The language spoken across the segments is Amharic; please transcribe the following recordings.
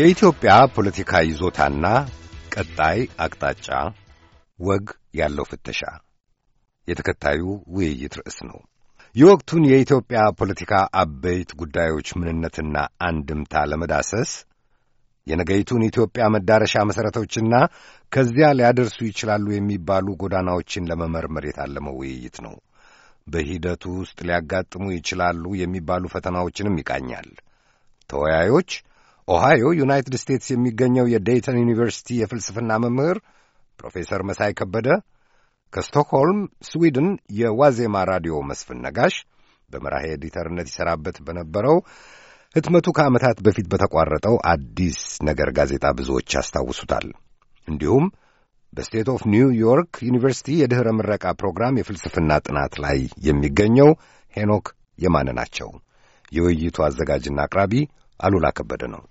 የኢትዮጵያ ፖለቲካ ይዞታና ቀጣይ አቅጣጫ ወግ ያለው ፍተሻ የተከታዩ ውይይት ርዕስ ነው። የወቅቱን የኢትዮጵያ ፖለቲካ አበይት ጉዳዮች ምንነትና አንድምታ ለመዳሰስ የነገይቱን ኢትዮጵያ መዳረሻ መሠረቶችና ከዚያ ሊያደርሱ ይችላሉ የሚባሉ ጎዳናዎችን ለመመርመር የታለመው ውይይት ነው። በሂደቱ ውስጥ ሊያጋጥሙ ይችላሉ የሚባሉ ፈተናዎችንም ይቃኛል። ተወያዮች ኦሃዮ ዩናይትድ ስቴትስ የሚገኘው የዴይተን ዩኒቨርሲቲ የፍልስፍና መምህር ፕሮፌሰር መሳይ ከበደ፣ ከስቶክሆልም ስዊድን የዋዜማ ራዲዮ መስፍን ነጋሽ በመራሄ ኤዲተርነት ይሠራበት በነበረው ህትመቱ ከዓመታት በፊት በተቋረጠው አዲስ ነገር ጋዜጣ ብዙዎች ያስታውሱታል። እንዲሁም በስቴት ኦፍ ኒውዮርክ ዩኒቨርሲቲ የድኅረ ምረቃ ፕሮግራም የፍልስፍና ጥናት ላይ የሚገኘው ሄኖክ የማነ ናቸው። የውይይቱ አዘጋጅና አቅራቢ አሉላ ከበደ ነው።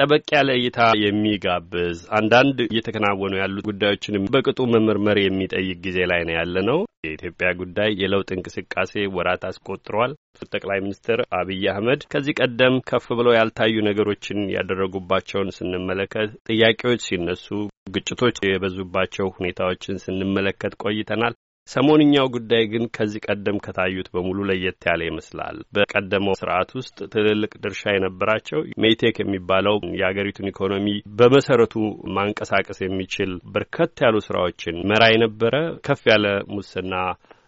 ጠበቅ ያለ እይታ የሚጋብዝ አንዳንድ እየተከናወኑ ያሉ ጉዳዮችንም በቅጡ መመርመር የሚጠይቅ ጊዜ ላይ ነው ያለ ነው። የኢትዮጵያ ጉዳይ የለውጥ እንቅስቃሴ ወራት አስቆጥሯል። ጠቅላይ ሚኒስትር አብይ አህመድ ከዚህ ቀደም ከፍ ብለው ያልታዩ ነገሮችን ያደረጉባቸውን ስንመለከት፣ ጥያቄዎች ሲነሱ፣ ግጭቶች የበዙባቸው ሁኔታዎችን ስንመለከት ቆይተናል። ሰሞንኛው ጉዳይ ግን ከዚህ ቀደም ከታዩት በሙሉ ለየት ያለ ይመስላል። በቀደመው ስርዓት ውስጥ ትልልቅ ድርሻ የነበራቸው ሜቴክ የሚባለው የአገሪቱን ኢኮኖሚ በመሰረቱ ማንቀሳቀስ የሚችል በርከት ያሉ ስራዎችን መራ የነበረ ከፍ ያለ ሙስና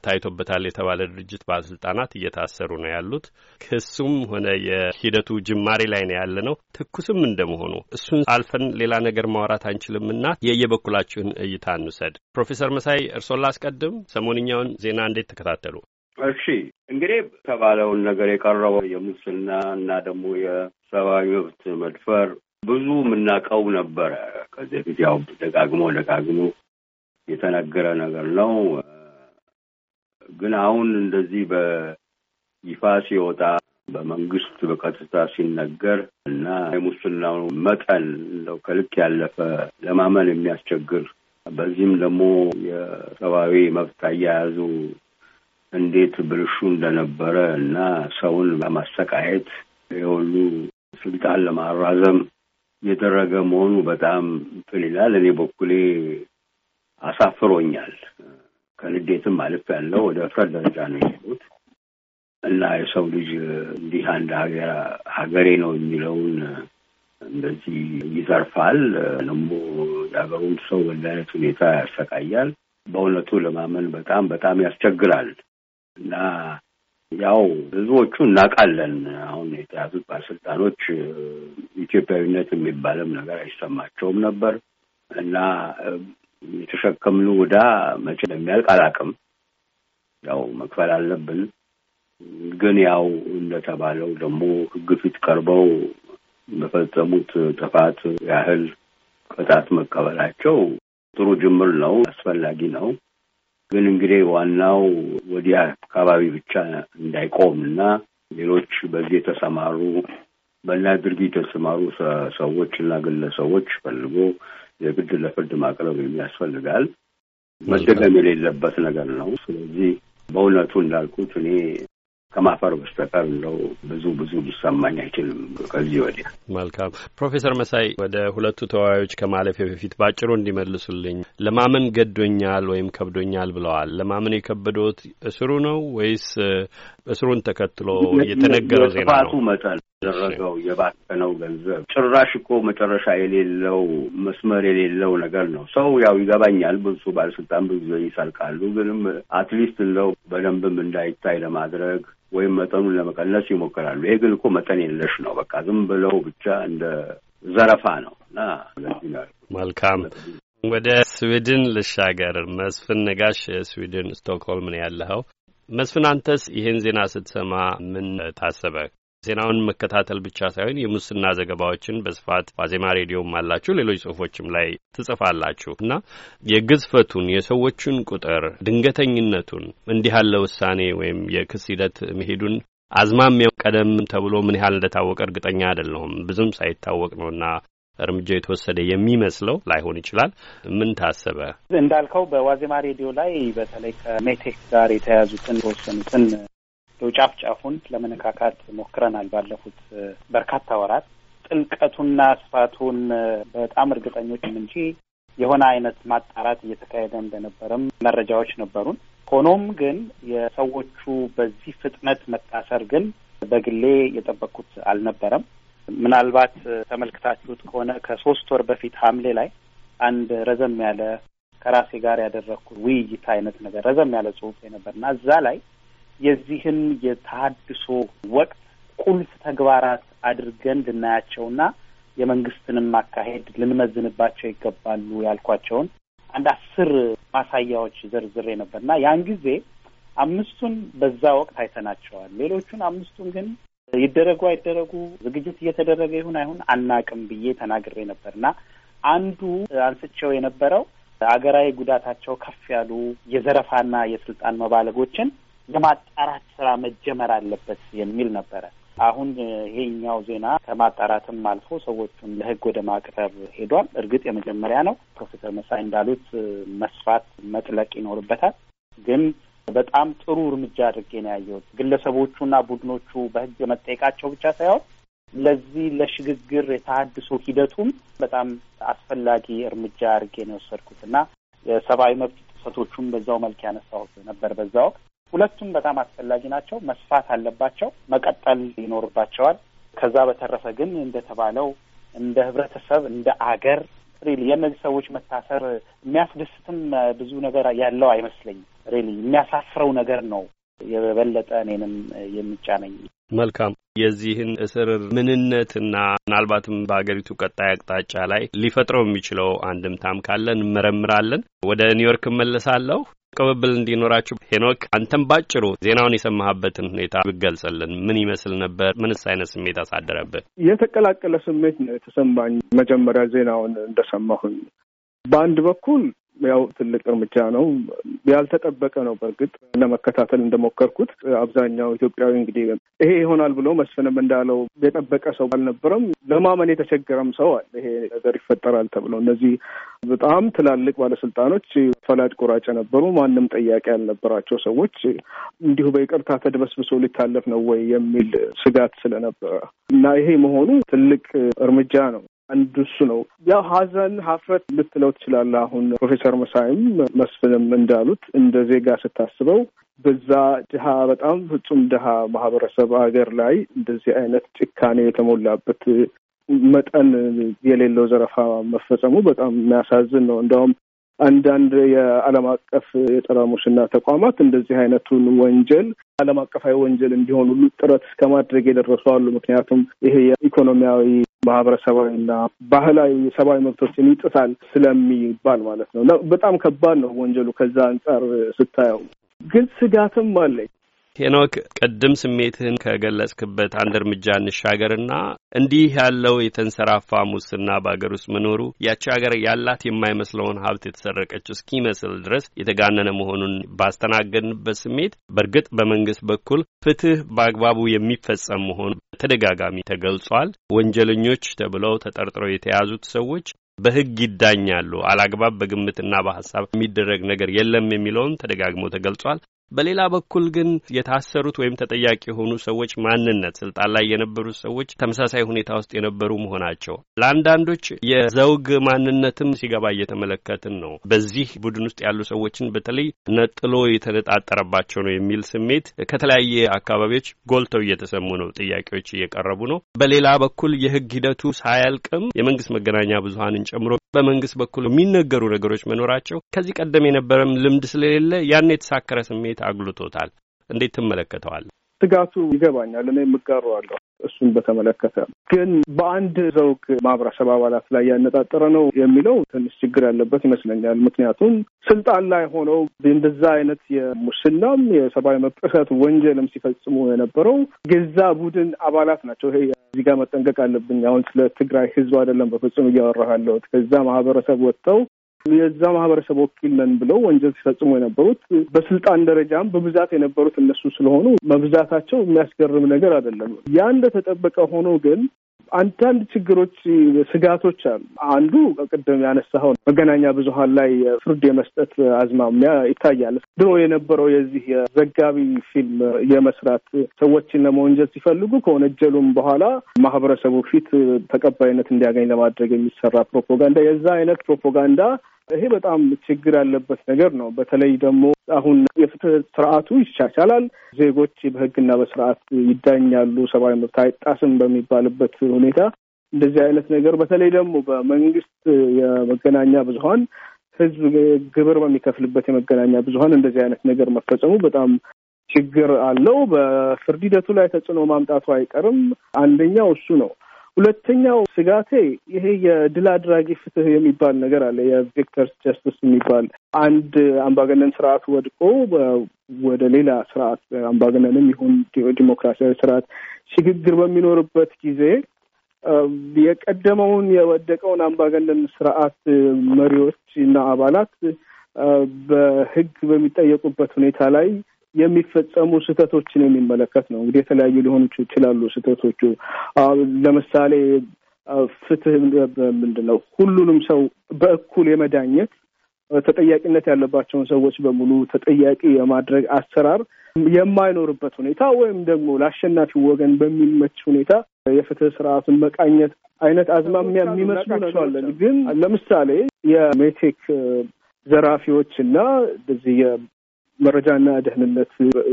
ታይቶበታል የተባለ ድርጅት ባለስልጣናት እየታሰሩ ነው ያሉት። ክሱም ሆነ የሂደቱ ጅማሬ ላይ ነው ያለ ነው። ትኩስም እንደመሆኑ እሱን አልፈን ሌላ ነገር ማውራት አንችልምና የየበኩላችሁን እይታ እንውሰድ። ፕሮፌሰር መሳይ እርስዎን ላስቀድም። ሰሞንኛውን ዜና እንዴት ተከታተሉ? እሺ እንግዲህ የተባለውን ነገር የቀረበው የሙስና እና ደግሞ የሰብአዊ መብት መድፈር ብዙ የምናውቀው ነበረ። ከዚህ ጊዜ ያው ደጋግሞ ደጋግሞ የተነገረ ነገር ነው። ግን አሁን እንደዚህ በይፋ ሲወጣ በመንግስት በቀጥታ ሲነገር እና የሙስናው መጠን እንደው ከልክ ያለፈ ለማመን የሚያስቸግር በዚህም ደግሞ የሰብአዊ መብት አያያዙ እንዴት ብልሹ እንደነበረ እና ሰውን ለማሰቃየት የሁሉ ስልጣን ለማራዘም እየደረገ መሆኑ በጣም እንትን ይላል። እኔ በኩሌ አሳፍሮኛል። ከንዴትም አልፍ ያለው ወደ እፍረት ደረጃ ነው የሄዱት እና የሰው ልጅ እንዲህ አንድ ሀገር ሀገሬ ነው የሚለውን እንደዚህ ይዘርፋል፣ ደግሞ የሀገሩን ሰው በዚህ አይነት ሁኔታ ያሰቃያል። በእውነቱ ለማመን በጣም በጣም ያስቸግራል እና ያው ህዝቦቹ እናውቃለን። አሁን የተያዙት ባለስልጣኖች ኢትዮጵያዊነት የሚባልም ነገር አይሰማቸውም ነበር እና የተሸከምነው ዕዳ መቼ እንደሚያልቅ አላውቅም። ያው መክፈል አለብን። ግን ያው እንደተባለው ደግሞ ሕግ ፊት ቀርበው በፈጸሙት ጥፋት ያህል ቅጣት መቀበላቸው ጥሩ ጅምር ነው፣ አስፈላጊ ነው። ግን እንግዲህ ዋናው ወዲያ አካባቢ ብቻ እንዳይቆም እና ሌሎች በዚህ የተሰማሩ በና ድርጊት የተሰማሩ ሰዎች እና ግለሰቦች ፈልጎ የግድ ለፍርድ ማቅረብ የሚያስፈልጋል። መደገም የሌለበት ነገር ነው። ስለዚህ በእውነቱ እንዳልኩት እኔ ከማፈር በስተቀር እንደው ብዙ ብዙ ሊሰማኝ አይችልም ከዚህ ወዲያ። መልካም ፕሮፌሰር መሳይ ወደ ሁለቱ ተወያዮች ከማለፌ በፊት ባጭሩ እንዲመልሱልኝ ለማመን ገዶኛል ወይም ከብዶኛል ብለዋል። ለማመን የከበዶት እስሩ ነው ወይስ እስሩን ተከትሎ የተነገረው ዜና ነው። ጥፋቱ መጠን ደረገው የባከነው ገንዘብ ጭራሽ እኮ መጨረሻ የሌለው መስመር የሌለው ነገር ነው። ሰው ያው ይገባኛል፣ ብዙ ባለስልጣን ብዙ ጊዜ ይሰርቃሉ። ግንም አትሊስት እንደው በደንብም እንዳይታይ ለማድረግ ወይም መጠኑን ለመቀነስ ይሞክራሉ። ይሄ ግን እኮ መጠን የለሽ ነው። በቃ ዝም ብለው ብቻ እንደ ዘረፋ ነው እና መልካም ወደ ስዊድን ልሻገር። መስፍን ነጋሽ ስዊድን ስቶክሆልም ነው ያለኸው። መስፍን፣ አንተስ ይህን ዜና ስትሰማ ምን ታሰበ ዜናውን መከታተል ብቻ ሳይሆን የሙስና ዘገባዎችን በስፋት ዋዜማ ሬዲዮም አላችሁ፣ ሌሎች ጽሁፎችም ላይ ትጽፋላችሁ እና የግዝፈቱን የሰዎቹን ቁጥር ድንገተኝነቱን እንዲህ ያለ ውሳኔ ወይም የክስ ሂደት መሄዱን አዝማሚያው ቀደም ተብሎ ምን ያህል እንደታወቀ እርግጠኛ አይደለሁም። ብዙም ሳይታወቅ ነውና እርምጃው የተወሰደ የሚመስለው ላይሆን ይችላል። ምን ታሰበ? እንዳልከው በዋዜማ ሬዲዮ ላይ በተለይ ከሜቴክ ጋር የተያያዙትን የተወሰኑትን ጫፍ ጫፉን ለመነካካት ሞክረናል ባለፉት በርካታ ወራት ጥልቀቱና ስፋቱን በጣም እርግጠኞችም እንጂ የሆነ አይነት ማጣራት እየተካሄደ እንደነበረም መረጃዎች ነበሩን። ሆኖም ግን የሰዎቹ በዚህ ፍጥነት መታሰር ግን በግሌ የጠበቅኩት አልነበረም። ምናልባት ተመልክታችሁት ከሆነ ከሶስት ወር በፊት ሐምሌ ላይ አንድ ረዘም ያለ ከራሴ ጋር ያደረግኩት ውይይት አይነት ነገር ረዘም ያለ ጽሁፍ ነበርና እዛ ላይ የዚህን የተሀድሶ ወቅት ቁልፍ ተግባራት አድርገን ልናያቸውና የመንግስትንም አካሄድ ልንመዝንባቸው ይገባሉ ያልኳቸውን አንድ አስር ማሳያዎች ነበር ነበርና ያን ጊዜ አምስቱን በዛ ወቅት አይተናቸዋል። ሌሎቹን አምስቱን ግን ይደረጉ አይደረጉ ዝግጅት እየተደረገ ይሁን አይሁን አናቅም ብዬ ተናግሬ ነበር እና አንዱ አንስቼው የነበረው አገራዊ ጉዳታቸው ከፍ ያሉ የዘረፋና የስልጣን መባለጎችን የማጣራት ስራ መጀመር አለበት የሚል ነበረ። አሁን ይሄኛው ዜና ከማጣራትም አልፎ ሰዎቹን ለህግ ወደ ማቅረብ ሄዷል። እርግጥ የመጀመሪያ ነው። ፕሮፌሰር መሳይ እንዳሉት መስፋት መጥለቅ ይኖርበታል። ግን በጣም ጥሩ እርምጃ አድርጌ ነው ያየሁት። ግለሰቦቹና ቡድኖቹ በህግ መጠየቃቸው ብቻ ሳይሆን ለዚህ ለሽግግር የተሃድሶ ሂደቱም በጣም አስፈላጊ እርምጃ አድርጌ ነው የወሰድኩት እና የሰብአዊ መብት ጥሰቶቹም በዛው መልክ ያነሳሁት ነበር። በዛ ወቅት ሁለቱም በጣም አስፈላጊ ናቸው፣ መስፋት አለባቸው፣ መቀጠል ይኖርባቸዋል። ከዛ በተረፈ ግን እንደተባለው እንደ ህብረተሰብ እንደ አገር ሪሊ የእነዚህ ሰዎች መታሰር የሚያስደስትም ብዙ ነገር ያለው አይመስለኝም። ሪሊ የሚያሳፍረው ነገር ነው የበለጠ እኔንም የሚጫነኝ። መልካም የዚህን እስር ምንነትና ምናልባትም በሀገሪቱ ቀጣይ አቅጣጫ ላይ ሊፈጥረው የሚችለው አንድምታም ካለ እንመረምራለን። ወደ ኒውዮርክ እመለሳለሁ። ቅብብል እንዲኖራችሁ ሄኖክ፣ አንተም ባጭሩ ዜናውን የሰማህበትን ሁኔታ ብገልጽልን። ምን ይመስል ነበር? ምንስ አይነት ስሜት አሳደረብህ? የተቀላቀለ ስሜት ነው የተሰማኝ መጀመሪያ ዜናውን እንደሰማሁኝ። በአንድ በኩል ያው ትልቅ እርምጃ ነው። ያልተጠበቀ ነው። በእርግጥ ለመከታተል እንደሞከርኩት አብዛኛው ኢትዮጵያዊ እንግዲህ ይሄ ይሆናል ብሎ መስፍንም እንዳለው የጠበቀ ሰው አልነበረም። ለማመን የተቸገረም ሰው አለ። ይሄ ነገር ይፈጠራል ተብሎ እነዚህ በጣም ትላልቅ ባለስልጣኖች ፈላጭ ቆራጭ የነበሩ ማንም ጥያቄ ያልነበራቸው ሰዎች እንዲሁ በይቅርታ ተድበስብሶ ሊታለፍ ነው ወይ የሚል ስጋት ስለነበረ እና ይሄ መሆኑ ትልቅ እርምጃ ነው። አንዱ እሱ ነው። ያው ሀዘን ሀፍረት ልትለው ትችላለህ። አሁን ፕሮፌሰር መሳይም መስፍንም እንዳሉት እንደ ዜጋ ስታስበው በዛ ድሀ በጣም ፍጹም ድሀ ማህበረሰብ ሀገር ላይ እንደዚህ አይነት ጭካኔ የተሞላበት መጠን የሌለው ዘረፋ መፈጸሙ በጣም የሚያሳዝን ነው። እንደውም አንዳንድ የዓለም አቀፍ የጸረ ሙስና ተቋማት እንደዚህ አይነቱን ወንጀል ዓለም አቀፋዊ ወንጀል እንዲሆን ሁሉ ጥረት ከማድረግ የደረሱ አሉ። ምክንያቱም ይሄ የኢኮኖሚያዊ ማህበረሰባዊና ባህላዊ የሰብአዊ መብቶችን ይጥሳል ስለሚባል ማለት ነው በጣም ከባድ ነው ወንጀሉ ከዛ አንጻር ስታየው ግን ስጋትም አለኝ። ሄኖክ ቅድም ስሜትህን ከገለጽክበት አንድ እርምጃ እንሻገርና እንዲህ ያለው የተንሰራፋ ሙስና በአገር ውስጥ መኖሩ ያቺ ሀገር ያላት የማይመስለውን ሀብት የተሰረቀችው እስኪመስል ድረስ የተጋነነ መሆኑን ባስተናገድንበት ስሜት በእርግጥ በመንግስት በኩል ፍትህ በአግባቡ የሚፈጸም መሆኑ ተደጋጋሚ ተገልጿል። ወንጀለኞች ተብለው ተጠርጥረው የተያዙት ሰዎች በህግ ይዳኛሉ። አላግባብ በግምትና በሀሳብ የሚደረግ ነገር የለም የሚለውን ተደጋግሞ ተገልጿል። በሌላ በኩል ግን የታሰሩት ወይም ተጠያቂ የሆኑ ሰዎች ማንነት ስልጣን ላይ የነበሩት ሰዎች ተመሳሳይ ሁኔታ ውስጥ የነበሩ መሆናቸው ለአንዳንዶች የዘውግ ማንነትም ሲገባ እየተመለከትን ነው። በዚህ ቡድን ውስጥ ያሉ ሰዎችን በተለይ ነጥሎ የተነጣጠረባቸው ነው የሚል ስሜት ከተለያየ አካባቢዎች ጎልተው እየተሰሙ ነው። ጥያቄዎች እየቀረቡ ነው። በሌላ በኩል የህግ ሂደቱ ሳያልቅም የመንግስት መገናኛ ብዙሀንን ጨምሮ በመንግስት በኩል የሚነገሩ ነገሮች መኖራቸው ከዚህ ቀደም የነበረም ልምድ ስለሌለ ያን የተሳከረ ስሜት ስሜት አግሎቶታል። እንዴት ትመለከተዋል? ስጋቱ ይገባኛል። እኔ የምጋረዋለሁ። እሱን በተመለከተ ግን በአንድ ዘውግ ማህበረሰብ አባላት ላይ ያነጣጠረ ነው የሚለው ትንሽ ችግር ያለበት ይመስለኛል። ምክንያቱም ስልጣን ላይ ሆነው እንደዛ አይነት የሙስናም የሰብአዊ መብት ጥሰት ወንጀልም ሲፈጽሙ የነበረው ገዛ ቡድን አባላት ናቸው። ይሄ እዚህ ጋር መጠንቀቅ አለብኝ። አሁን ስለ ትግራይ ህዝብ አይደለም በፍጹም እያወራህ ከዛ ማህበረሰብ ወጥተው የዛ ማህበረሰብ ወኪል ነን ብለው ወንጀል ሲፈጽሙ የነበሩት በስልጣን ደረጃም በብዛት የነበሩት እነሱ ስለሆኑ መብዛታቸው የሚያስገርም ነገር አይደለም። ያ እንደተጠበቀ ሆኖ ግን አንዳንድ ችግሮች፣ ስጋቶች አሉ። አንዱ ቅድም ያነሳኸው መገናኛ ብዙኃን ላይ ፍርድ የመስጠት አዝማሚያ ይታያል። ድሮ የነበረው የዚህ የዘጋቢ ፊልም የመስራት ሰዎችን ለመወንጀል ሲፈልጉ ከወነጀሉም በኋላ ማህበረሰቡ ፊት ተቀባይነት እንዲያገኝ ለማድረግ የሚሰራ ፕሮፓጋንዳ የዛ አይነት ፕሮፓጋንዳ ይሄ በጣም ችግር ያለበት ነገር ነው። በተለይ ደግሞ አሁን የፍትህ ስርዓቱ ይሻሻላል፣ ዜጎች በህግና በስርዓት ይዳኛሉ፣ ሰብአዊ መብት አይጣስም በሚባልበት ሁኔታ እንደዚህ አይነት ነገር በተለይ ደግሞ በመንግስት የመገናኛ ብዙሀን ህዝብ ግብር በሚከፍልበት የመገናኛ ብዙሀን እንደዚህ አይነት ነገር መፈጸሙ በጣም ችግር አለው። በፍርድ ሂደቱ ላይ ተጽዕኖ ማምጣቱ አይቀርም። አንደኛው እሱ ነው። ሁለተኛው ስጋቴ ይሄ የድል አድራጊ ፍትህ የሚባል ነገር አለ። የቬክተርስ ጀስትስ የሚባል አንድ አምባገነን ስርዓት ወድቆ ወደ ሌላ ስርዓት አምባገነንም ይሁን ዲሞክራሲያዊ ስርዓት ሽግግር በሚኖርበት ጊዜ የቀደመውን የወደቀውን አምባገነን ስርዓት መሪዎች እና አባላት በህግ በሚጠየቁበት ሁኔታ ላይ የሚፈጸሙ ስህተቶችን የሚመለከት ነው። እንግዲህ የተለያዩ ሊሆኑ ይችላሉ ስህተቶቹ። ለምሳሌ ፍትህ ምንድን ነው? ሁሉንም ሰው በእኩል የመዳኘት ተጠያቂነት ያለባቸውን ሰዎች በሙሉ ተጠያቂ የማድረግ አሰራር የማይኖርበት ሁኔታ ወይም ደግሞ ለአሸናፊው ወገን በሚመች ሁኔታ የፍትህ ስርዓቱን መቃኘት አይነት አዝማሚያ የሚመስሉ ናቸዋለን። ግን ለምሳሌ የሜቴክ ዘራፊዎች እና እዚህ መረጃና ደህንነት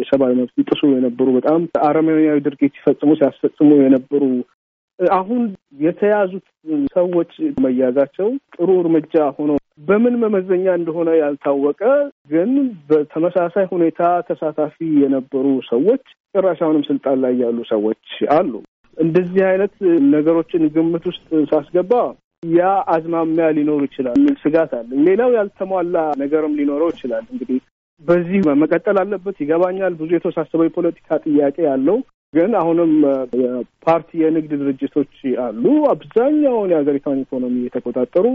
ሰብዊ መብት ይጥሱ የነበሩ በጣም አረመኔያዊ ድርጊት ሲፈጽሙ ሲያስፈጽሙ የነበሩ አሁን የተያዙት ሰዎች መያዛቸው ጥሩ እርምጃ ሆኖ በምን መመዘኛ እንደሆነ ያልታወቀ ግን በተመሳሳይ ሁኔታ ተሳታፊ የነበሩ ሰዎች ጭራሽ ስልጣን ላይ ያሉ ሰዎች አሉ። እንደዚህ አይነት ነገሮችን ግምት ውስጥ ሳስገባ ያ አዝማሚያ ሊኖር ይችላል የሚል ስጋት አለ። ሌላው ያልተሟላ ነገርም ሊኖረው ይችላል። እንግዲህ በዚህ መቀጠል አለበት ይገባኛል። ብዙ የተወሳሰበው የፖለቲካ ጥያቄ ያለው ግን አሁንም የፓርቲ የንግድ ድርጅቶች አሉ። አብዛኛውን የሀገሪቷን ኢኮኖሚ የተቆጣጠሩ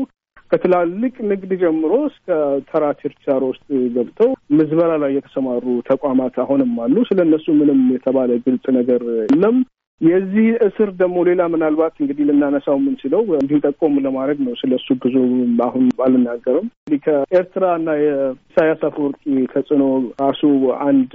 ከትላልቅ ንግድ ጀምሮ እስከ ተራ ችርቻሮ ውስጥ ገብተው ምዝበራ ላይ የተሰማሩ ተቋማት አሁንም አሉ። ስለ እነሱ ምንም የተባለ ግልጽ ነገር የለም። የዚህ እስር ደግሞ ሌላ ምናልባት እንግዲህ ልናነሳው የምንችለው እንዲሁ ጠቆም ለማድረግ ነው። ስለሱ ብዙ አሁን አልናገርም። እንግዲህ ከኤርትራ እና የኢሳያስ አፈወርቂ ተጽዕኖ ራሱ አንድ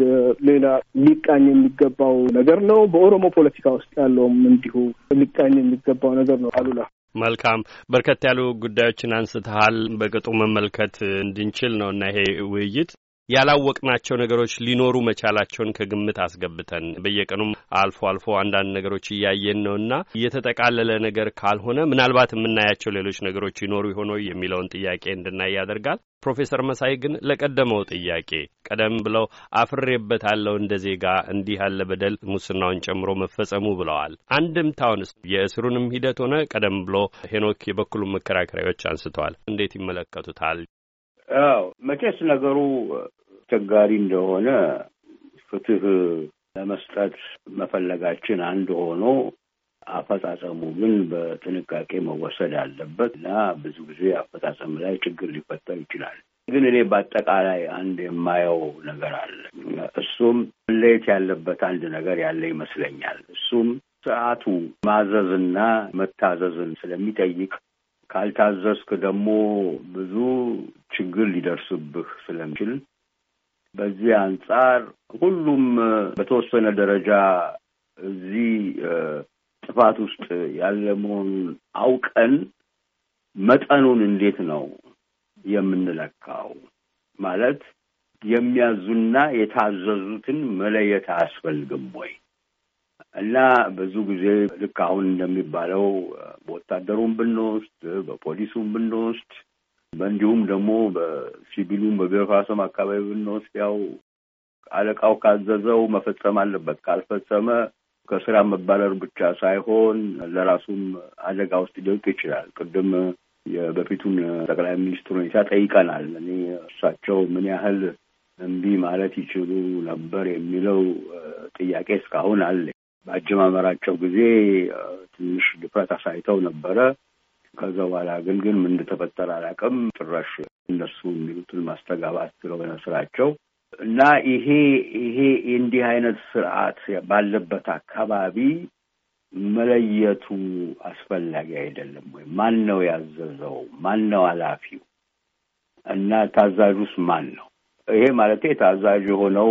ሌላ ሊቃኝ የሚገባው ነገር ነው። በኦሮሞ ፖለቲካ ውስጥ ያለውም እንዲሁ ሊቃኝ የሚገባው ነገር ነው። አሉላ መልካም በርከት ያሉ ጉዳዮችን አንስተሃል። በቅጡ መመልከት እንድንችል ነው እና ይሄ ውይይት ያላወቅናቸው ነገሮች ሊኖሩ መቻላቸውን ከግምት አስገብተን በየቀኑም አልፎ አልፎ አንዳንድ ነገሮች እያየን ነውና እየተጠቃለለ ነገር ካልሆነ ምናልባት የምናያቸው ሌሎች ነገሮች ይኖሩ ይሆኖ የሚለውን ጥያቄ እንድናይ ያደርጋል። ፕሮፌሰር መሳይ ግን ለቀደመው ጥያቄ ቀደም ብለው አፍሬበታለሁ እንደ ዜጋ እንዲህ ያለ በደል ሙስናውን ጨምሮ መፈጸሙ ብለዋል። አንድምታውንስ የእስሩንም ሂደት ሆነ ቀደም ብሎ ሄኖክ የበኩሉን መከራከሪያዎች አንስተዋል። እንዴት ይመለከቱታል? አዎ መቼስ ነገሩ አስቸጋሪ እንደሆነ ፍትህ ለመስጠት መፈለጋችን አንድ ሆኖ አፈጻጸሙ ግን በጥንቃቄ መወሰድ አለበት እና ብዙ ጊዜ አፈጻጸም ላይ ችግር ሊፈጠር ይችላል። ግን እኔ በአጠቃላይ አንድ የማየው ነገር አለ። እሱም መለየት ያለበት አንድ ነገር ያለ ይመስለኛል። እሱም ስርዓቱ ማዘዝና መታዘዝን ስለሚጠይቅ ካልታዘዝክ ደግሞ ብዙ ችግር ሊደርስብህ ስለሚችል በዚህ አንጻር ሁሉም በተወሰነ ደረጃ እዚህ ጥፋት ውስጥ ያለ መሆኑን አውቀን መጠኑን እንዴት ነው የምንለካው? ማለት የሚያዙና የታዘዙትን መለየት አያስፈልግም ወይ? እና ብዙ ጊዜ ልክ አሁን እንደሚባለው በወታደሩም ብንወስድ በፖሊሱም ብንወስድ እንዲሁም ደግሞ በሲቪሉም በቢሮክራሰም አካባቢ ብንወስድ ያው አለቃው ካዘዘው መፈጸም አለበት። ካልፈጸመ ከስራ መባረር ብቻ ሳይሆን ለራሱም አደጋ ውስጥ ሊወድቅ ይችላል። ቅድም የበፊቱን ጠቅላይ ሚኒስትር ሁኔታ ጠይቀናል። እኔ እሳቸው ምን ያህል እምቢ ማለት ይችሉ ነበር የሚለው ጥያቄ እስካሁን አለ። በአጀማመራቸው ጊዜ ትንሽ ድፍረት አሳይተው ነበረ። ከዛ በኋላ ግን ግን ምን እንደተፈጠረ አላውቅም። ጭራሽ እነሱ የሚሉትን ማስተጋባት ስለሆነ ስራቸው እና ይሄ ይሄ እንዲህ አይነት ስርዓት ባለበት አካባቢ መለየቱ አስፈላጊ አይደለም ወይ? ማን ነው ያዘዘው? ማን ነው ኃላፊው? እና ታዛዡስ ማን ነው? ይሄ ማለት ታዛዥ የሆነው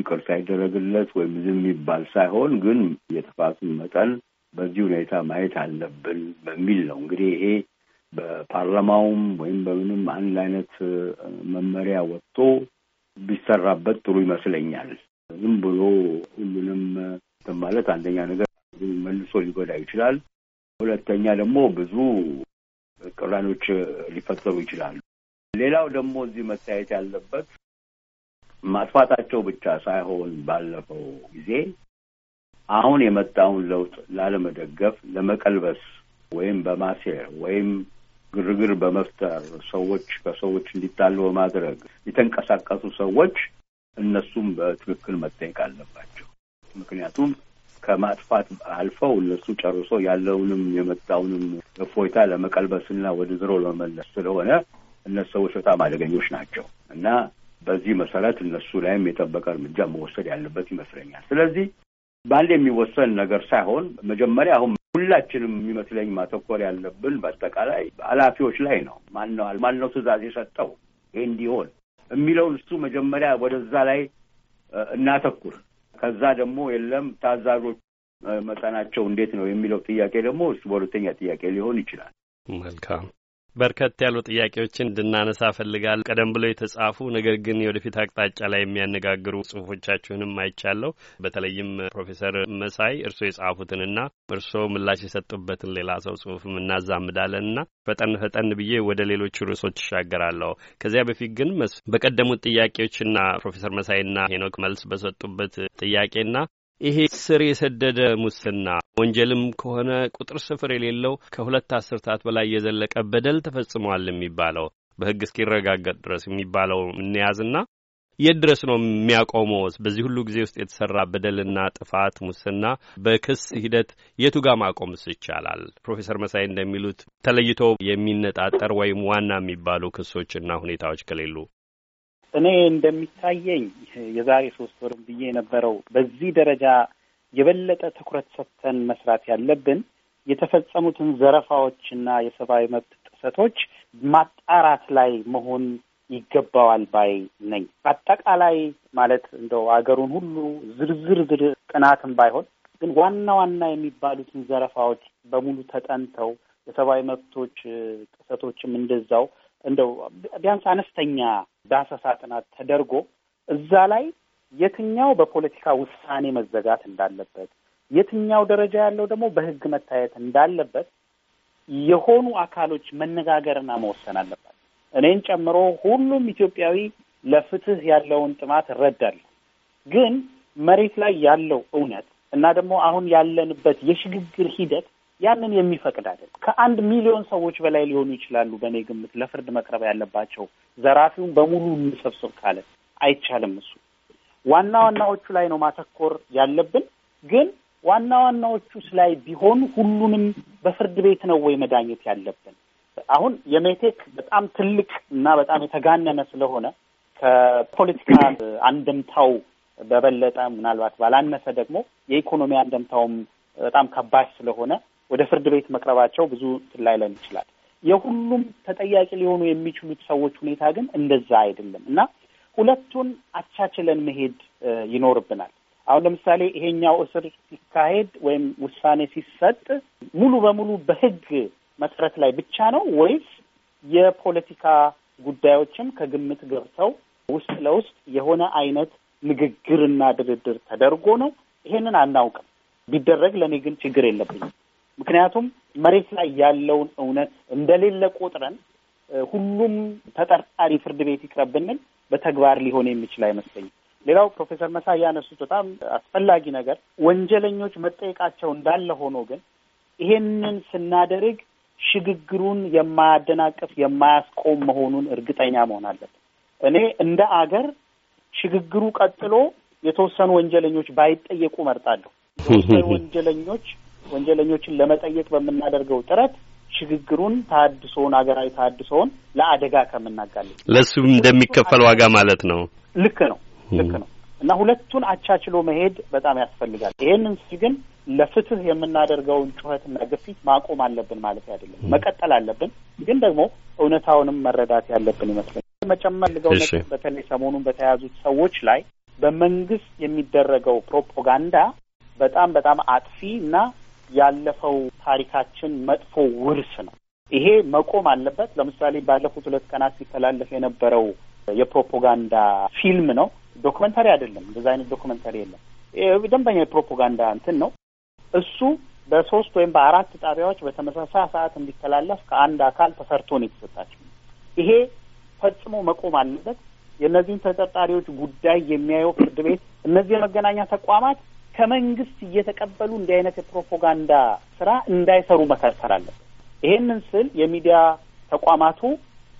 ይቅርታ ይደረግለት ወይም ዝም የሚባል ሳይሆን ግን የጥፋቱን መጠን በዚህ ሁኔታ ማየት አለብን በሚል ነው እንግዲህ ይሄ በፓርላማውም ወይም በምንም አንድ አይነት መመሪያ ወጥቶ ቢሰራበት ጥሩ ይመስለኛል። ዝም ብሎ ሁሉንም ማለት አንደኛ ነገር መልሶ ሊጎዳ ይችላል። ሁለተኛ ደግሞ ብዙ ቅራኔዎች ሊፈጠሩ ይችላሉ። ሌላው ደግሞ እዚህ መታየት ያለበት ማጥፋታቸው ብቻ ሳይሆን ባለፈው ጊዜ አሁን የመጣውን ለውጥ ላለመደገፍ፣ ለመቀልበስ ወይም በማሴር ወይም ግርግር በመፍጠር ሰዎች ከሰዎች እንዲጣሉ በማድረግ የተንቀሳቀሱ ሰዎች እነሱም በትክክል መጠየቅ አለባቸው። ምክንያቱም ከማጥፋት አልፈው እነሱ ጨርሶ ያለውንም የመጣውንም እፎይታ ለመቀልበስና ወደ ዝሮ ለመመለስ ስለሆነ እነሱ ሰዎች በጣም አደገኞች ናቸው እና በዚህ መሰረት እነሱ ላይም የጠበቀ እርምጃ መወሰድ ያለበት ይመስለኛል። ስለዚህ በአንድ የሚወሰን ነገር ሳይሆን መጀመሪያ አሁን ሁላችንም የሚመስለኝ ማተኮር ያለብን በአጠቃላይ ኃላፊዎች ላይ ነው። ማን ነው ማን ነው ትዕዛዝ የሰጠው ይሄ እንዲሆን የሚለውን እሱ መጀመሪያ ወደዛ ላይ እናተኩር። ከዛ ደግሞ የለም ታዛዦች መጠናቸው እንዴት ነው የሚለው ጥያቄ ደግሞ እሱ በሁለተኛ ጥያቄ ሊሆን ይችላል። መልካም በርከት ያሉ ጥያቄዎችን እንድናነሳ ፈልጋል። ቀደም ብሎ የተጻፉ ነገር ግን የወደፊት አቅጣጫ ላይ የሚያነጋግሩ ጽሁፎቻችሁንም አይቻለሁ። በተለይም ፕሮፌሰር መሳይ እርስዎ የጻፉትንና እርስዎ ምላሽ የሰጡበትን ሌላ ሰው ጽሁፍም እናዛምዳለንና ፈጠን ፈጠን ብዬ ወደ ሌሎቹ ርዕሶች ይሻገራለሁ። ከዚያ በፊት ግን በቀደሙት ጥያቄዎችና ፕሮፌሰር መሳይና ሄኖክ መልስ በሰጡበት ጥያቄና ይሄ ስር የሰደደ ሙስና ወንጀልም ከሆነ ቁጥር ስፍር የሌለው ከሁለት አስርታት በላይ የዘለቀ በደል ተፈጽሟል የሚባለው በሕግ እስኪረጋገጥ ድረስ የሚባለው እንያዝና የት ድረስ ነው የሚያቆመውስ? በዚህ ሁሉ ጊዜ ውስጥ የተሰራ በደልና ጥፋት፣ ሙስና በክስ ሂደት የቱ ጋር ማቆምስ ይቻላል? ፕሮፌሰር መሳይ እንደሚሉት ተለይቶ የሚነጣጠር ወይም ዋና የሚባሉ ክሶችና ሁኔታዎች ከሌሉ እኔ እንደሚታየኝ የዛሬ ሶስት ወርም ብዬ የነበረው በዚህ ደረጃ የበለጠ ትኩረት ሰጥተን መስራት ያለብን የተፈጸሙትን ዘረፋዎችና የሰብአዊ መብት ጥሰቶች ማጣራት ላይ መሆን ይገባዋል ባይ ነኝ። አጠቃላይ ማለት እንደው አገሩን ሁሉ ዝርዝር ዝር ቅናትም ባይሆን ግን ዋና ዋና የሚባሉትን ዘረፋዎች በሙሉ ተጠንተው የሰብአዊ መብቶች ጥሰቶችም እንደዛው እንደው ቢያንስ አነስተኛ ዳሰሳ ጥናት ተደርጎ እዛ ላይ የትኛው በፖለቲካ ውሳኔ መዘጋት እንዳለበት፣ የትኛው ደረጃ ያለው ደግሞ በህግ መታየት እንዳለበት የሆኑ አካሎች መነጋገርና መወሰን አለባት። እኔን ጨምሮ ሁሉም ኢትዮጵያዊ ለፍትህ ያለውን ጥማት እረዳለሁ። ግን መሬት ላይ ያለው እውነት እና ደግሞ አሁን ያለንበት የሽግግር ሂደት ያንን የሚፈቅድ አይደለም። ከአንድ ሚሊዮን ሰዎች በላይ ሊሆኑ ይችላሉ። በእኔ ግምት ለፍርድ መቅረብ ያለባቸው ዘራፊውን በሙሉ እንሰብስብ ካለ አይቻልም። እሱ ዋና ዋናዎቹ ላይ ነው ማተኮር ያለብን። ግን ዋና ዋናዎቹስ ላይ ቢሆን ሁሉንም በፍርድ ቤት ነው ወይ መዳኘት ያለብን? አሁን የሜቴክ በጣም ትልቅ እና በጣም የተጋነነ ስለሆነ ከፖለቲካ አንደምታው በበለጠ ምናልባት ባላነሰ ደግሞ የኢኮኖሚ አንደምታውም በጣም ከባድ ስለሆነ ወደ ፍርድ ቤት መቅረባቸው ብዙ ላይለን ይችላል። የሁሉም ተጠያቂ ሊሆኑ የሚችሉት ሰዎች ሁኔታ ግን እንደዛ አይደለም እና ሁለቱን አቻችለን መሄድ ይኖርብናል። አሁን ለምሳሌ ይሄኛው እስር ሲካሄድ ወይም ውሳኔ ሲሰጥ ሙሉ በሙሉ በህግ መሰረት ላይ ብቻ ነው ወይስ የፖለቲካ ጉዳዮችም ከግምት ገብተው ውስጥ ለውስጥ የሆነ አይነት ንግግርና ድርድር ተደርጎ ነው? ይሄንን አናውቅም። ቢደረግ ለእኔ ግን ችግር የለብኝም። ምክንያቱም መሬት ላይ ያለውን እውነት እንደሌለ ቆጥረን ሁሉም ተጠርጣሪ ፍርድ ቤት ይቅረብ ብንል በተግባር ሊሆን የሚችል አይመስለኝም። ሌላው ፕሮፌሰር መሳይ ያነሱት በጣም አስፈላጊ ነገር ወንጀለኞች መጠየቃቸው እንዳለ ሆኖ ግን ይሄንን ስናደርግ ሽግግሩን የማያደናቅፍ የማያስቆም መሆኑን እርግጠኛ መሆን አለብን። እኔ እንደ አገር ሽግግሩ ቀጥሎ የተወሰኑ ወንጀለኞች ባይጠየቁ መርጣለሁ። የተወሰኑ ወንጀለኞች ወንጀለኞችን ለመጠየቅ በምናደርገው ጥረት ሽግግሩን ታድሶውን ሀገራዊ ታድሶውን ለአደጋ ከምናጋልጥ ለእሱም እንደሚከፈል ዋጋ ማለት ነው። ልክ ነው፣ ልክ ነው። እና ሁለቱን አቻችሎ መሄድ በጣም ያስፈልጋል። ይሄንን ስ ግን ለፍትህ የምናደርገውን ጩኸትና ግፊት ማቆም አለብን ማለት አይደለም፣ መቀጠል አለብን። ግን ደግሞ እውነታውንም መረዳት ያለብን ይመስለኛል። መጨመር ልገው በተለይ ሰሞኑን በተያዙት ሰዎች ላይ በመንግስት የሚደረገው ፕሮፓጋንዳ በጣም በጣም አጥፊ እና ያለፈው ታሪካችን መጥፎ ውርስ ነው። ይሄ መቆም አለበት። ለምሳሌ ባለፉት ሁለት ቀናት ሲተላለፍ የነበረው የፕሮፓጋንዳ ፊልም ነው፣ ዶክመንታሪ አይደለም። እንደዛ አይነት ዶክመንታሪ የለም። ደንበኛ የፕሮፓጋንዳ እንትን ነው እሱ በሶስት ወይም በአራት ጣቢያዎች በተመሳሳይ ሰዓት እንዲተላለፍ ከአንድ አካል ተሰርቶ ነው የተሰጣቸው። ይሄ ፈጽሞ መቆም አለበት። የእነዚህን ተጠርጣሪዎች ጉዳይ የሚያየው ፍርድ ቤት፣ እነዚህ የመገናኛ ተቋማት ከመንግስት እየተቀበሉ እንዲህ አይነት የፕሮፓጋንዳ ስራ እንዳይሰሩ መከልከል አለበት። ይሄንን ስል የሚዲያ ተቋማቱ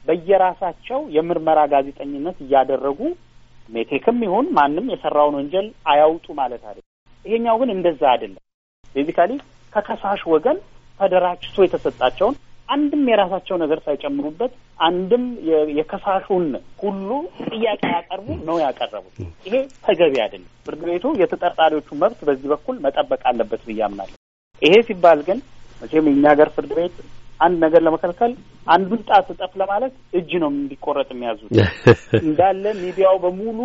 በየራሳቸው የምርመራ ጋዜጠኝነት እያደረጉ ሜቴክም ይሁን ማንም የሰራውን ወንጀል አያውጡ ማለት አለ። ይሄኛው ግን እንደዛ አይደለም። ቤዚካሊ ከከሳሽ ወገን ተደራጅቶ የተሰጣቸውን አንድም የራሳቸው ነገር ሳይጨምሩበት አንድም የከሳሹን ሁሉ ጥያቄ ያቀርቡ ነው ያቀረቡት። ይሄ ተገቢ አይደለም። ፍርድ ቤቱ የተጠርጣሪዎቹ መብት በዚህ በኩል መጠበቅ አለበት ብዬ አምናለሁ። ይሄ ሲባል ግን መቼም የእኛ ሀገር ፍርድ ቤት አንድ ነገር ለመከልከል አንዱን ጣት ጠፍ ለማለት እጅ ነው እንዲቆረጥ የሚያዙት እንዳለ ሚዲያው በሙሉ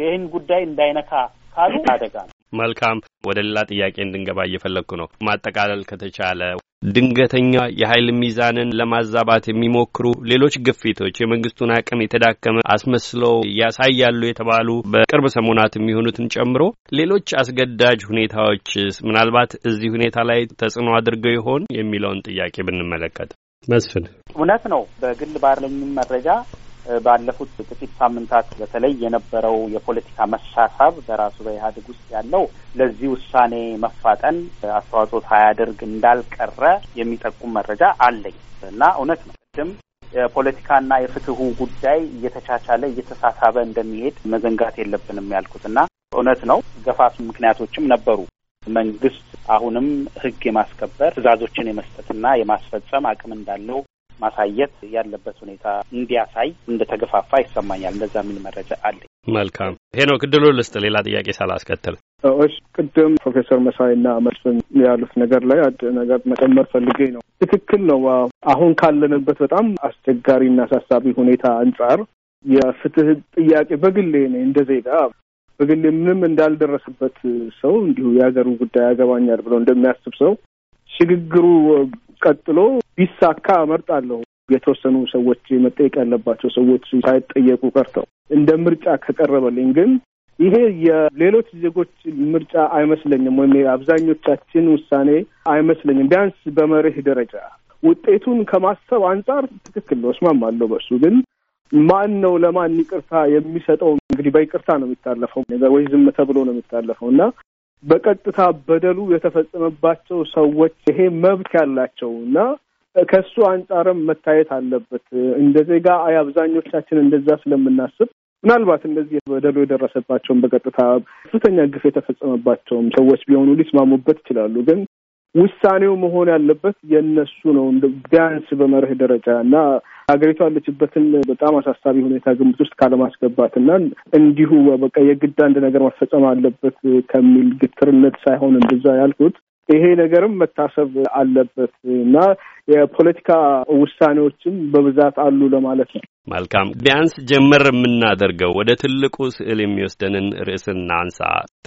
ይህን ጉዳይ እንዳይነካ ካሉ አደጋ ነው። መልካም። ወደ ሌላ ጥያቄ እንድንገባ እየፈለግኩ ነው። ማጠቃለል ከተቻለ ድንገተኛ የኃይል ሚዛንን ለማዛባት የሚሞክሩ ሌሎች ግፊቶች የመንግስቱን አቅም የተዳከመ አስመስለው ያሳያሉ የተባሉ በቅርብ ሰሞናት የሚሆኑትን ጨምሮ ሌሎች አስገዳጅ ሁኔታዎች ምናልባት እዚህ ሁኔታ ላይ ተጽዕኖ አድርገው ይሆን የሚለውን ጥያቄ ብንመለከት መስፍን፣ እውነት ነው። በግል ባለኝም መረጃ ባለፉት ጥቂት ሳምንታት በተለይ የነበረው የፖለቲካ መሳሳብ በራሱ በኢህአዴግ ውስጥ ያለው ለዚህ ውሳኔ መፋጠን አስተዋጽኦ ሳያደርግ እንዳልቀረ የሚጠቁም መረጃ አለኝ እና እውነት ነው ቅድም የፖለቲካና የፍትሁ ጉዳይ እየተቻቻለ እየተሳሳበ እንደሚሄድ መዘንጋት የለብንም ያልኩት እና እውነት ነው ገፋሱ ምክንያቶችም ነበሩ። መንግስት አሁንም ህግ የማስከበር ትእዛዞችን የመስጠትና የማስፈጸም አቅም እንዳለው ማሳየት ያለበት ሁኔታ እንዲያሳይ እንደተገፋፋ ይሰማኛል። እንደዛ የሚል መረጃ አለ። መልካም ሄኖክ፣ እድሉ ልስጥ፣ ሌላ ጥያቄ ሳላስከትል። እሺ፣ ቅድም ፕሮፌሰር መሳይና መስፍን ያሉት ነገር ላይ አንድ ነገር መጨመር ፈልጌ ነው። ትክክል ነው። አሁን ካለንበት በጣም አስቸጋሪና አሳሳቢ ሁኔታ አንጻር የፍትህ ጥያቄ በግሌ ነ እንደ ዜጋ በግሌ ምንም እንዳልደረስበት ሰው እንዲሁ የሀገሩ ጉዳይ ያገባኛል ብሎ እንደሚያስብ ሰው ሽግግሩ ቀጥሎ ቢሳካ እመርጣለሁ። የተወሰኑ ሰዎች መጠየቅ ያለባቸው ሰዎች ሳይጠየቁ ቀርተው እንደ ምርጫ ከቀረበልኝ ግን ይሄ የሌሎች ዜጎች ምርጫ አይመስለኝም፣ ወይም የአብዛኞቻችን ውሳኔ አይመስለኝም። ቢያንስ በመርህ ደረጃ ውጤቱን ከማሰብ አንጻር ትክክል ነው፣ እስማማለሁ በእሱ ግን ማን ነው ለማን ይቅርታ የሚሰጠው? እንግዲህ በይቅርታ ነው የሚታለፈው ነገር ወይ ዝም ተብሎ ነው የሚታለፈው እና በቀጥታ በደሉ የተፈጸመባቸው ሰዎች ይሄ መብት ያላቸው እና ከሱ አንጻርም መታየት አለበት። እንደ ዜጋ አብዛኞቻችን እንደዛ ስለምናስብ ምናልባት እንደዚህ በደሉ የደረሰባቸውም በቀጥታ ከፍተኛ ግፍ የተፈጸመባቸውም ሰዎች ቢሆኑ ሊስማሙበት ይችላሉ። ግን ውሳኔው መሆን ያለበት የእነሱ ነው ቢያንስ በመርህ ደረጃ እና ሀገሪቱ ያለችበትን በጣም አሳሳቢ ሁኔታ ግምት ውስጥ ካለማስገባት እና እንዲሁ በቃ የግድ አንድ ነገር ማስፈጸም አለበት ከሚል ግትርነት ሳይሆን እንደዛ ያልኩት ይሄ ነገርም መታሰብ አለበት እና የፖለቲካ ውሳኔዎችም በብዛት አሉ ለማለት ነው። መልካም ቢያንስ ጀመር የምናደርገው ወደ ትልቁ ስዕል የሚወስደንን ርዕስን እናንሳ።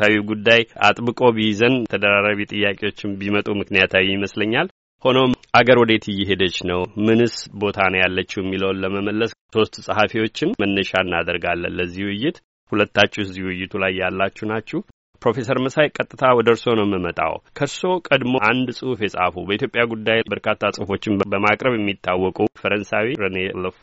ታዊ ጉዳይ አጥብቆ ቢይዘን ተደራራቢ ጥያቄዎችን ቢመጡ ምክንያታዊ ይመስለኛል። ሆኖም አገር ወዴት እየሄደች ነው? ምንስ ቦታ ነው ያለችው የሚለውን ለመመለስ ሶስት ጸሐፊዎችን መነሻ እናደርጋለን ለዚህ ውይይት። ሁለታችሁ እዚህ ውይይቱ ላይ ያላችሁ ናችሁ። ፕሮፌሰር መሳይ ቀጥታ ወደ እርስዎ ነው የምመጣው። ከእርስዎ ቀድሞ አንድ ጽሑፍ የጻፉ በኢትዮጵያ ጉዳይ በርካታ ጽሑፎችን በማቅረብ የሚታወቁ ፈረንሳዊ ረኔ ለፎ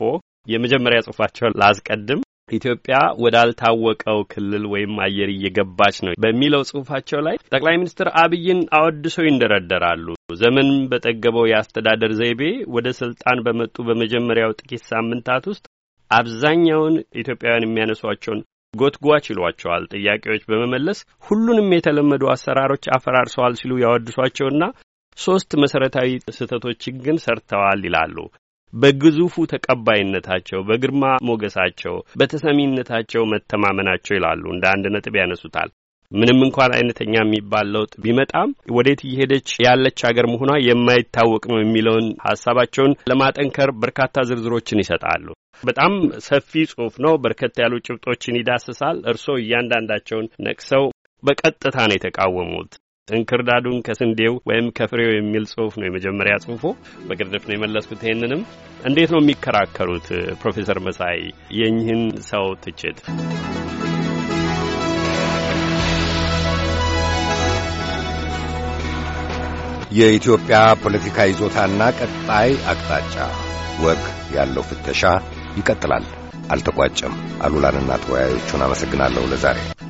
የመጀመሪያ ጽሑፋቸውን ላስቀድም። ኢትዮጵያ ወዳልታወቀው ክልል ወይም አየር እየገባች ነው በሚለው ጽሁፋቸው ላይ ጠቅላይ ሚኒስትር አብይን አወድሰው ይንደረደራሉ። ዘመን በጠገበው የአስተዳደር ዘይቤ ወደ ስልጣን በመጡ በመጀመሪያው ጥቂት ሳምንታት ውስጥ አብዛኛውን ኢትዮጵያውያን የሚያነሷቸውን ጎትጓች ይሏቸዋል ጥያቄዎች በመመለስ ሁሉንም የተለመዱ አሰራሮች አፈራርሰዋል ሲሉ ያወድሷቸውና ሶስት መሰረታዊ ስህተቶችን ግን ሰርተዋል ይላሉ። በግዙፉ ተቀባይነታቸው፣ በግርማ ሞገሳቸው፣ በተሰሚነታቸው መተማመናቸው ይላሉ። እንደ አንድ ነጥብ ያነሱታል። ምንም እንኳን አይነተኛ የሚባል ለውጥ ቢመጣም ወዴት እየሄደች ያለች አገር መሆኗ የማይታወቅ ነው የሚለውን ሀሳባቸውን ለማጠንከር በርካታ ዝርዝሮችን ይሰጣሉ። በጣም ሰፊ ጽሑፍ ነው። በርከት ያሉ ጭብጦችን ይዳስሳል። እርስዎ እያንዳንዳቸውን ነቅሰው በቀጥታ ነው የተቃወሙት። እንክርዳዱን ከስንዴው ወይም ከፍሬው የሚል ጽሁፍ ነው የመጀመሪያ ጽሁፉ። በግርድፍ ነው የመለስኩት። ይህንንም እንዴት ነው የሚከራከሩት ፕሮፌሰር መሳይ የኚህን ሰው ትችት? የኢትዮጵያ ፖለቲካ ይዞታና ቀጣይ አቅጣጫ ወግ ያለው ፍተሻ ይቀጥላል፣ አልተቋጨም። አሉላንና ተወያዮቹን አመሰግናለሁ ለዛሬ